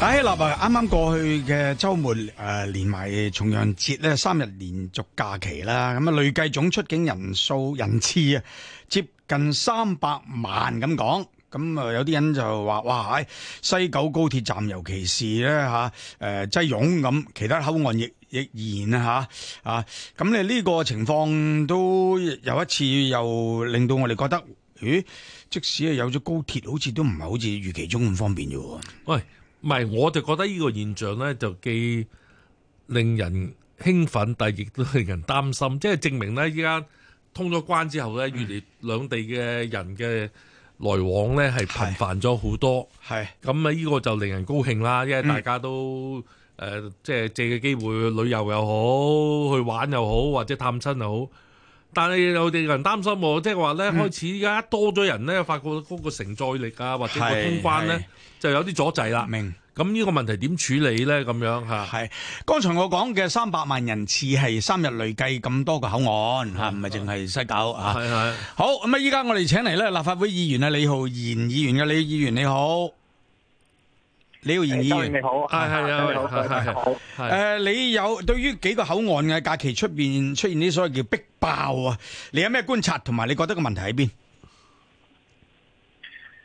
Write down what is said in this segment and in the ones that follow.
打起立啊！啱啱過去嘅周末誒、呃，連埋重陽節咧，三日連續假期啦，咁啊累計總出境人數人次啊，接近三百萬咁講。咁啊有啲人就話，哇！西九高鐵站尤其是咧吓，誒擠擁咁，其他口岸亦亦然啊吓啊。咁、啊、你呢個情況都有一次又令到我哋覺得，咦？即使係有咗高鐵，好似都唔係好似預期中咁方便嘅。喂！唔係，我就覺得呢個現象咧就既令人興奮，但亦都令人擔心。即係證明咧，依家通咗關之後咧，越嚟兩地嘅人嘅來往咧係頻繁咗好多。係咁啊，呢個就令人高興啦，因為大家都誒即係借嘅機會去旅遊又好，去玩又好，或者探親又好。但係有啲人擔心喎，即係話咧開始依家一多咗人咧、嗯，發覺嗰個承載力啊，或者個通關咧就有啲阻滯啦。明咁呢個問題點處理咧？咁樣吓係。剛才我講嘅三百萬人次係三日累計咁多個口岸吓，唔係淨係西九啊係，係好咁啊！依家我哋請嚟咧立法會議員啊李浩然議員嘅李議員，你好。李浩然議員、呃、你好，係、啊、係、啊啊啊啊、你好，係、啊、係、啊啊、好。誒、啊啊啊啊，你有對於幾個口岸嘅假期出邊出現啲所謂叫逼爆啊？你有咩觀察同埋你覺得個問題喺邊？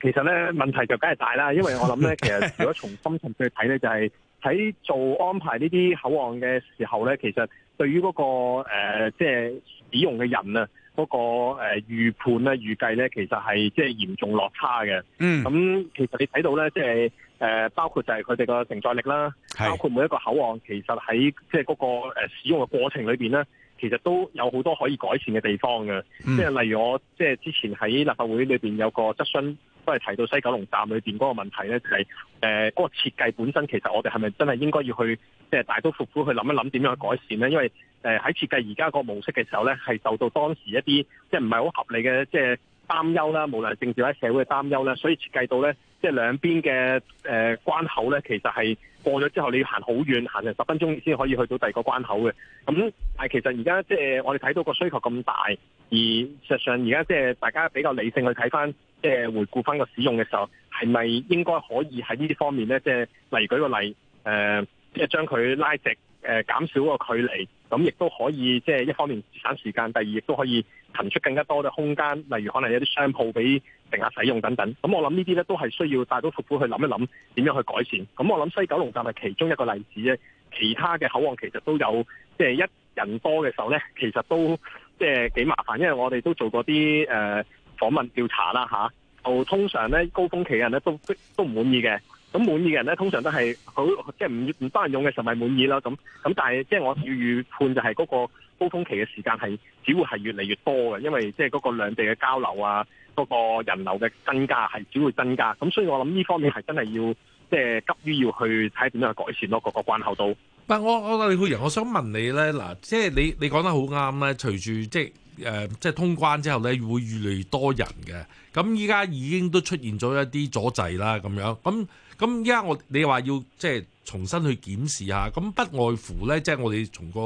其實咧問題就梗係大啦，因為我諗咧， 其實如果從深層去睇咧，就係、是、喺做安排呢啲口岸嘅時候咧，其實對於嗰、那個誒即係使用嘅人啊，嗰、那個誒預判咧、預計咧，其實係即係嚴重落差嘅。嗯，咁其實你睇到咧，即係。誒包括就係佢哋個承載力啦，包括每一個口岸其實喺即係嗰個使用嘅過程裏邊咧，其實都有好多可以改善嘅地方嘅。即、嗯、係例如我即係、就是、之前喺立法會裏邊有個質詢都係提到西九龍站裏邊嗰個問題咧，就係誒嗰個設計本身其實我哋係咪真係應該要去即係、就是、大刀闊斧去諗一諗點樣去改善咧？因為誒喺、呃、設計而家個模式嘅時候咧，係受到當時一啲即係唔係好合理嘅即係擔憂啦，無論係政治或者社會嘅擔憂啦。所以設計到咧。即係兩邊嘅誒關口咧，其實係過咗之後，你要行好遠，行成十分鐘先可以去到第二個關口嘅。咁但係其實而家即係我哋睇到個需求咁大，而實際上而家即係大家比較理性去睇翻，即係回顧翻個使用嘅時候，係咪應該可以喺呢啲方面咧，即係例如舉個例，誒、呃，即係將佢拉直，誒、呃、減少個距離。咁亦都可以即係一方面節省時間，第二亦都可以騰出更加多嘅空間，例如可能有啲商鋪俾乘客使用等等。咁我諗呢啲呢都係需要大多府府去諗一諗點樣去改善。咁我諗西九龍站係其中一個例子呢，其他嘅口岸其實都有即係、就是、一人多嘅時候呢，其實都即係幾麻煩，因為我哋都做過啲誒訪問調查啦嚇、啊。就通常呢，高峰期嘅人呢都都唔滿意嘅。咁滿意嘅人咧，通常都係好即係唔唔多人用嘅時候咪滿意啦。咁咁，但係即係我要預判就係嗰個高峰期嘅時間係只會係越嚟越多嘅，因為即係嗰個兩地嘅交流啊，嗰個人流嘅增加係只會增加。咁所以我諗呢方面係真係要即係急於要去睇點樣去改善咯，個個關口度，但係我我李浩然，我想問你咧，嗱，即係你你講得好啱咧，隨住即係。誒、呃，即係通關之後咧，會越嚟越多人嘅。咁依家已經都出現咗一啲阻滯啦，咁樣。咁咁依家我你話要即係重新去檢視下，咁不外乎咧，即係我哋從個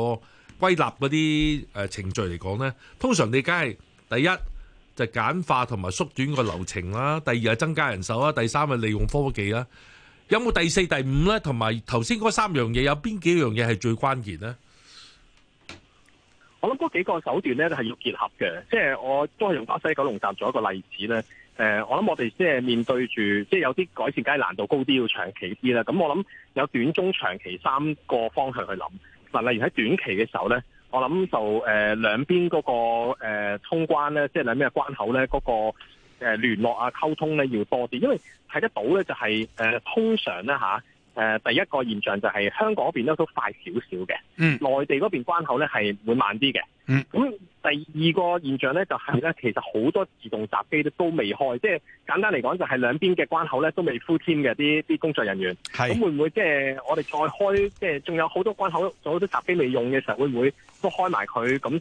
歸納嗰啲誒程序嚟講咧，通常你梗係第一就簡化同埋縮短個流程啦，第二係增加人手啦，第三係利用科技啦。有冇第四、第五咧？同埋頭先嗰三樣嘢，有邊幾樣嘢係最關鍵咧？我諗嗰幾個手段咧係要結合嘅，即係我都係用巴西九龍站做一個例子咧。誒，我諗我哋即係面對住即係有啲改善街難度高啲，要長期啲啦。咁我諗有短中長期三個方向去諗。嗱，例如喺短期嘅時候咧，我諗就誒兩邊嗰個誒、呃、通關咧，即係兩邊嘅關口咧，嗰、那個誒聯、呃、絡啊，溝通咧要多啲，因為睇得到咧就係、是、誒、呃、通常咧吓。啊誒、呃、第一個現象就係香港嗰邊都快少少嘅，內地嗰邊關口咧係會慢啲嘅。咁、嗯、第二個現象咧就係、是、咧，其實好多自動閘機都未開，即、就、係、是、簡單嚟講就係兩邊嘅關口咧都未 full team 添嘅啲啲工作人員。咁會唔會即係我哋再開，即係仲有好多關口，仲有好多閘機未用嘅時候，會唔會都開埋佢，咁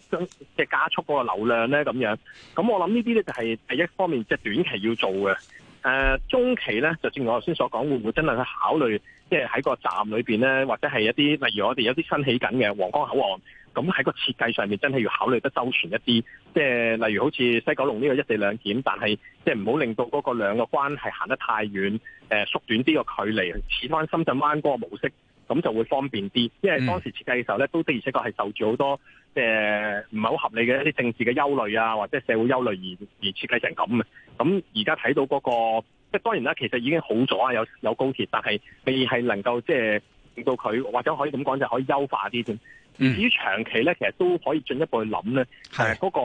即係加速嗰個流量咧？咁樣咁我諗呢啲咧就係第一方面，即、就、係、是、短期要做嘅。誒、呃、中期咧，就正如我頭先所講，會唔會真係去考慮？即係喺個站裏面咧，或者係一啲例如我哋有啲新起緊嘅皇崗口岸，咁喺個設計上面真係要考慮得周全一啲。即係例如好似西九龍呢個一地兩檢，但係即係唔好令到嗰個兩個關係行得太遠，誒、呃、縮短啲個距離，似翻深圳灣嗰個模式，咁就會方便啲。因為當時設計嘅時候咧，都的而且確係受住好多即唔係好合理嘅一啲政治嘅憂慮啊，或者社會憂慮而而設計成咁嘅。咁而家睇到嗰、嗰個。即係當然啦，其實已經好咗啊，有有高鐵，但係未係能夠即係令到佢或者可以咁講，就可以優化啲啫。至於長期咧，其實都可以進一步去諗咧，嗰、嗯呃那個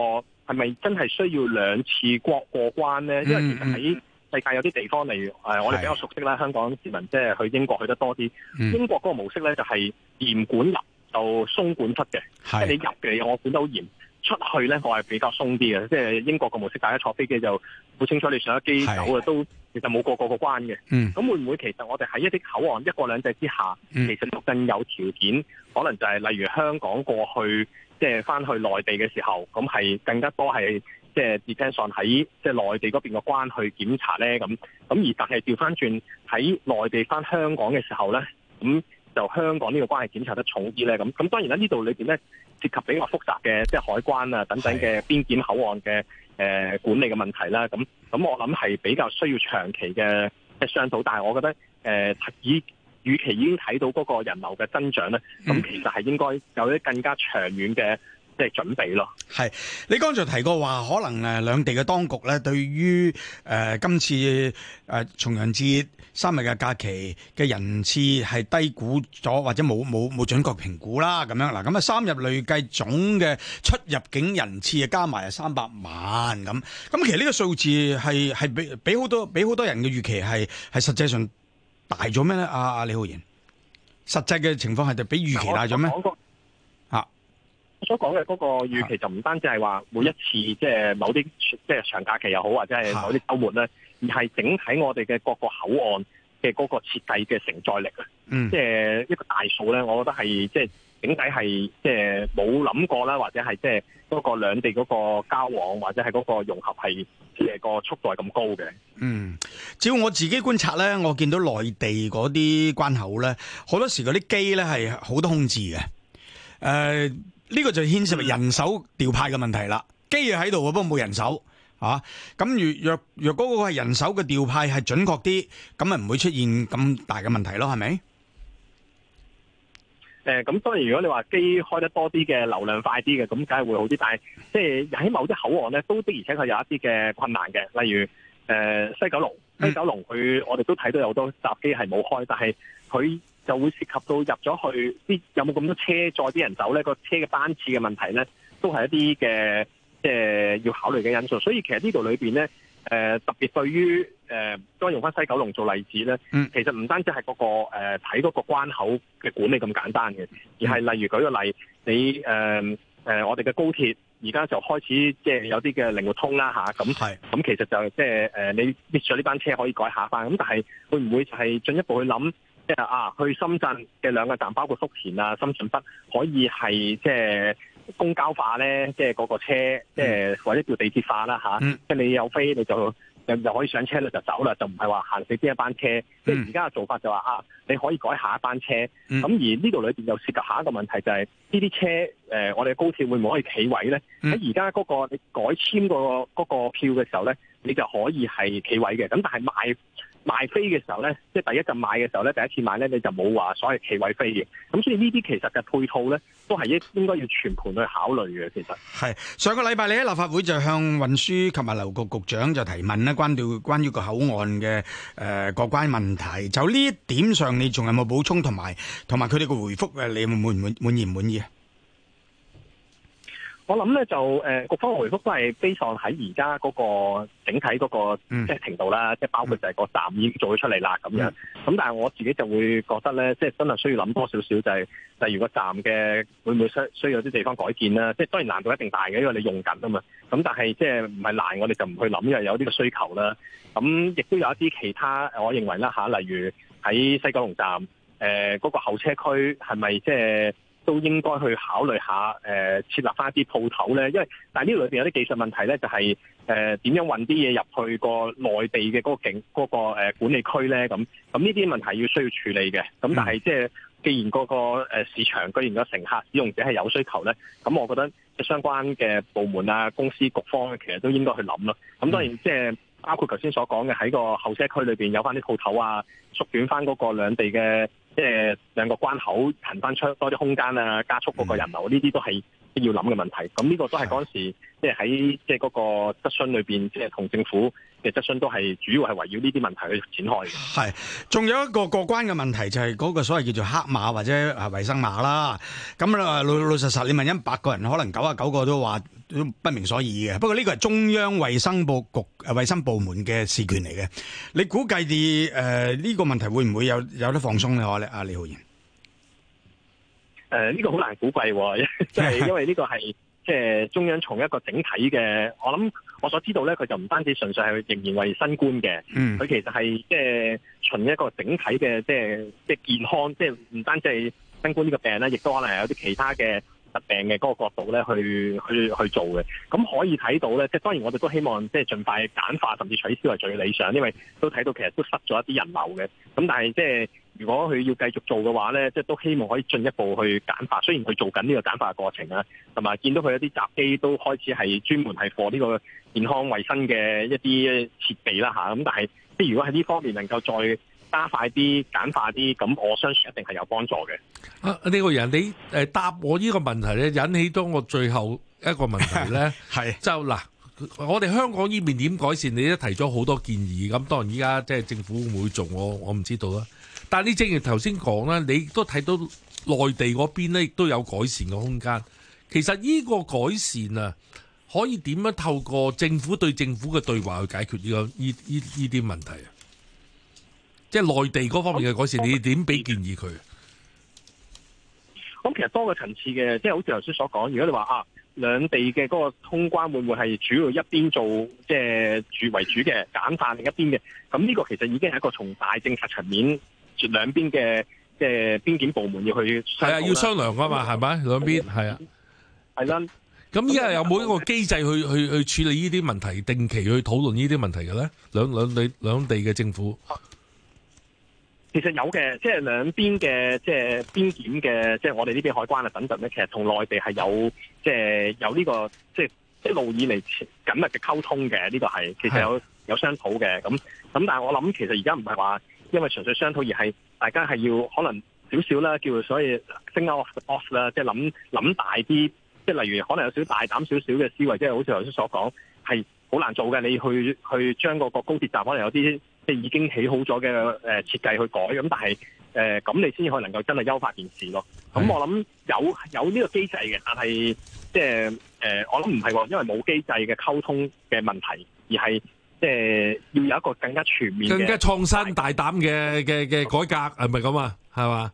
係咪真係需要兩次過過關咧、嗯嗯？因為其實喺世界有啲地方，例如、呃、我哋比較熟悉啦，香港市民即係、就是、去英國去得多啲，英國嗰個模式咧就係、是、嚴管入就鬆管出嘅，係、就是、你入嘅我管得好嚴。出去咧，我係比較鬆啲嘅，即係英國個模式，大家坐飛機就好清楚，你上一機走啊，都其實冇過過個關嘅。咁、嗯、會唔會其實我哋喺一啲口岸一國兩制之下，其實都更有條件，嗯、可能就係例如香港過去即係翻去內地嘅時候，咁係更加多係即係 depends on 喺即係內地嗰邊個關去檢查咧。咁咁而但係調翻轉喺內地翻香港嘅時候咧，咁。就香港呢個關係檢查得重啲咧，咁咁當然咧呢度裏邊咧涉及比較複雜嘅即係海關啊等等嘅邊檢口岸嘅誒、呃、管理嘅問題啦，咁咁我諗係比較需要長期嘅嘅商討，但係我覺得誒與、呃、與其已經睇到嗰個人流嘅增長咧，咁其實係應該有啲更加長遠嘅。即係準備咯。係你剛才提過話，可能誒兩地嘅當局咧，對於誒今次誒、呃、重陽節三日嘅假期嘅人次係低估咗，或者冇冇冇準確評估啦。咁樣嗱，咁啊三日累計總嘅出入境人次啊加埋係三百萬咁。咁其實呢個數字係係比比好多比好多人嘅預期係係實際上大咗咩咧？啊阿李浩然，實際嘅情況係就比預期大咗咩？所講嘅嗰個預期就唔單止係話每一次即係某啲即係長假期又好，或者係某啲周末咧，而係整體我哋嘅各個口岸嘅嗰個設計嘅承載力啊，嗯，即係一個大數咧，我覺得係即係整體係即係冇諗過啦，或者係即係嗰個兩地嗰個交往或者係嗰個融合係嗰個速度係咁高嘅。嗯，只要我自己觀察咧，我見到內地嗰啲關口咧，好多時嗰啲機咧係好多空置嘅，誒、呃。呢、個就牽涉人手調派嘅問題啦，機喺度嘅，不過冇人手啊。咁如若若果嗰個係人手嘅調派係準確啲，咁咪唔會出現咁大嘅問題咯，係咪？誒、嗯，咁當然，如果你話機開得多啲嘅流量快啲嘅，咁梗係會好啲。但係即係喺某啲口岸咧，都的而且確有一啲嘅困難嘅，例如誒西九龍、西九龍，佢我哋都睇到有好多閘機係冇開，但係佢。就會涉及到入咗去啲有冇咁多車載啲人走呢？個車嘅班次嘅問題呢，都係一啲嘅即係要考慮嘅因素。所以其實呢度裏邊呢，誒、呃、特別對於誒，再、呃、用翻西九龍做例子呢，其實唔單止係嗰個睇嗰、呃、個關口嘅管理咁簡單嘅，而係例如舉個例，你誒、呃呃、我哋嘅高鐵而家就開始即係有啲嘅靈活通啦吓，咁、啊、咁其實就即係誒你滅咗呢班車可以改下返，咁但係會唔會係進一步去諗？即係啊，去深圳嘅兩個站，包括福田啊、深圳北，可以係即係公交化咧，即係嗰個車，即、嗯、係或者叫地鐵化啦吓。即、啊、係、嗯、你有飛，你就又又可以上車啦，就走啦，就唔係話行死邊一班車。即係而家嘅做法就話、是、啊，你可以改下一班車。咁、嗯、而呢度裏邊又涉及下一個問題、就是，就係呢啲車誒、呃，我哋嘅高鐵會唔會可以企位咧？喺而家嗰個你改簽、那個嗰、那個票嘅時候咧，你就可以係企位嘅。咁但係買，賣飛嘅時候咧，即係第一陣買嘅時候咧，第一次買咧，你就冇話所謂企位飛嘅，咁所以呢啲其實嘅配套咧，都係應應該要全盤去考慮嘅。其實係上個禮拜你喺立法會就向運輸及物流局局長就提問咧，關掉關於個口岸嘅誒過關問題，就呢一點上你仲有冇補充同埋同埋佢哋嘅回復誒，你滿滿滿意唔滿意啊？我諗咧就誒，局、呃、方回覆都係悲喪喺而家嗰個整體嗰個即係程度啦，即、嗯、係包括就係個站已經做咗出嚟啦咁樣。咁但係我自己就會覺得咧，即、就、係、是、真係需要諗多少少、就是，就係、是、例如果個站嘅會唔會需需要有啲地方改建啦？即、就、係、是、當然難度一定大嘅，因為你用緊啊嘛。咁但係即係唔係難，我哋就唔去諗，因為有呢個需求啦。咁亦都有一啲其他，我認為啦吓、啊、例如喺西九龍站誒嗰、呃那個候車區係咪即係？都應該去考慮下，誒、呃、設立翻啲鋪頭咧，因為但係呢裏面有啲技術問題咧，就係誒點樣運啲嘢入去個內地嘅嗰個境嗰、嗰個呃、管理區咧，咁咁呢啲問題要需要處理嘅。咁但係即係既然嗰個市場，居然個乘客使用者係有需求咧，咁我覺得相關嘅部門啊、公司局方其實都應該去諗咯。咁當然即係、嗯、包括頭先所講嘅喺個候車區裏面有翻啲鋪頭啊，縮短翻嗰個兩地嘅。即係兩個關口行返出多啲空間啊，加速嗰個人流，呢啲都係要諗嘅問題。咁呢個都係嗰陣時，即係喺即係嗰個質詢裏邊，即係同政府。嘅質詢都係主要係圍繞呢啲問題去展開嘅。係，仲有一個過關嘅問題就係嗰個所謂叫做黑馬或者啊衞生碼啦。咁啊老老實實，你問一百個人，可能九十九個都話不明所以嘅。不過呢個係中央衞生部局、衞、呃、衞生部門嘅事權嚟嘅。你估計啲誒呢個問題會唔會有有得放鬆咧？我咧，阿李浩然。誒、呃，呢、呢個好難估計、啊，即係因為呢個係。 即係中央從一個整體嘅，我諗我所知道咧，佢就唔單止純粹係仍然為新冠嘅，嗯，佢其實係即係從一個整體嘅，即係即係健康，即係唔單止係新冠呢個病咧，亦都可能係有啲其他嘅疾病嘅嗰個角度咧，去去去做嘅。咁可以睇到咧，即係當然我哋都希望即係盡快簡化甚至取消係最理想，因為都睇到其實都失咗一啲人流嘅。咁但係即係。如果佢要繼續做嘅話呢，即係都希望可以進一步去簡化。雖然佢做緊呢個簡化嘅過程啦，同埋見到佢一啲閘機都開始係專門係貨呢個健康衞生嘅一啲設備啦嚇。咁但係即係如果喺呢方面能夠再加快啲簡化啲，咁我相信一定係有幫助嘅。啊，呢個人你誒答我呢個問題咧，引起到我最後一個問題呢，係 就，嗱，我哋香港呢邊點改善？你都提咗好多建議，咁當然依家即係政府會唔會做？我我唔知道啦。但係呢，正如頭先講啦，你都睇到內地嗰邊咧，亦都有改善嘅空間。其實呢個改善啊，可以點樣透過政府對政府嘅對話去解決呢個依依依啲問題啊？即係內地嗰方面嘅改善，你點俾建議佢？咁其實多個層次嘅，即係好似頭先所講，如果你話啊，兩地嘅嗰個通關會唔會係主要一邊做即係主為主嘅簡化，另一邊嘅，咁呢個其實已經係一個從大政策層面。兩邊嘅即係邊檢部門要去係啊，要商量㗎嘛，嗯，係咪？兩邊，嗯，係啊。係啦。咁依家有冇一個機制去去去處理呢啲問題，定期去討論呢啲問題嘅咧？兩兩，兩地兩地嘅政府其實有嘅，即係兩邊嘅即係邊檢嘅，即係我哋呢邊海關啊等等咧。其實同內地係有即係有呢個即係一路以嚟緊密嘅溝通嘅，呢個係其實有有商討嘅。咁咁，但係我諗其實而家唔係話。因為純粹商討而係，而係大家係要可能少少啦，叫做所謂 think out of the box 啦，即係諗諗大啲，即係例如可能有少大膽少少嘅思維，即係好似頭先所講，係好難做嘅。你去去將個個高鐵站可能有啲即係已經起好咗嘅誒設計去改，咁但係誒咁你先至可能夠真係優化件事咯。咁我諗有有呢個機制嘅，但係即係誒我諗唔係喎，因為冇機制嘅溝通嘅問題，而係。即係要有一個更加全面、更加創新、大膽嘅嘅嘅改革，係咪咁啊？係嘛？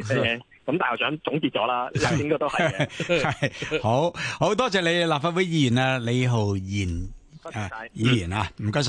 誒 大校長總結咗啦， 應該都係。係 好好多謝你，立法會議員啊，李浩然、啊、議員啊，唔該晒。嗯